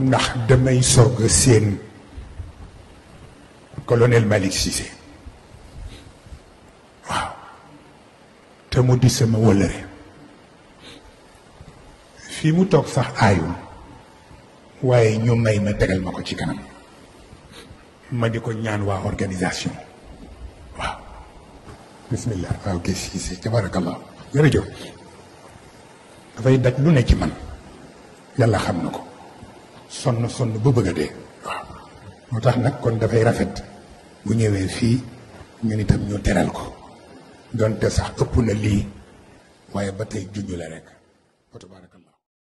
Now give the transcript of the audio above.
ndax damay soog a seen colonel Malick Cissé waaw te mu di sama wëllëre fii mu toog sax aayul waaye ñu may ma tegal ma ko ci kanam ma di ko ñaan waa organisation waaw bismillah waaw gis Cissé tabarakallah jërëjëf dafay daj lu ne ci man yàlla xam na ko sonn sonn bu bëgg a dee waaw moo tax nag kon dafay rafet bu ñëwee fii ñun itam ñu teral ko doonte sax ëpp na lii waaye ba tey junj la rek wa tabarakallah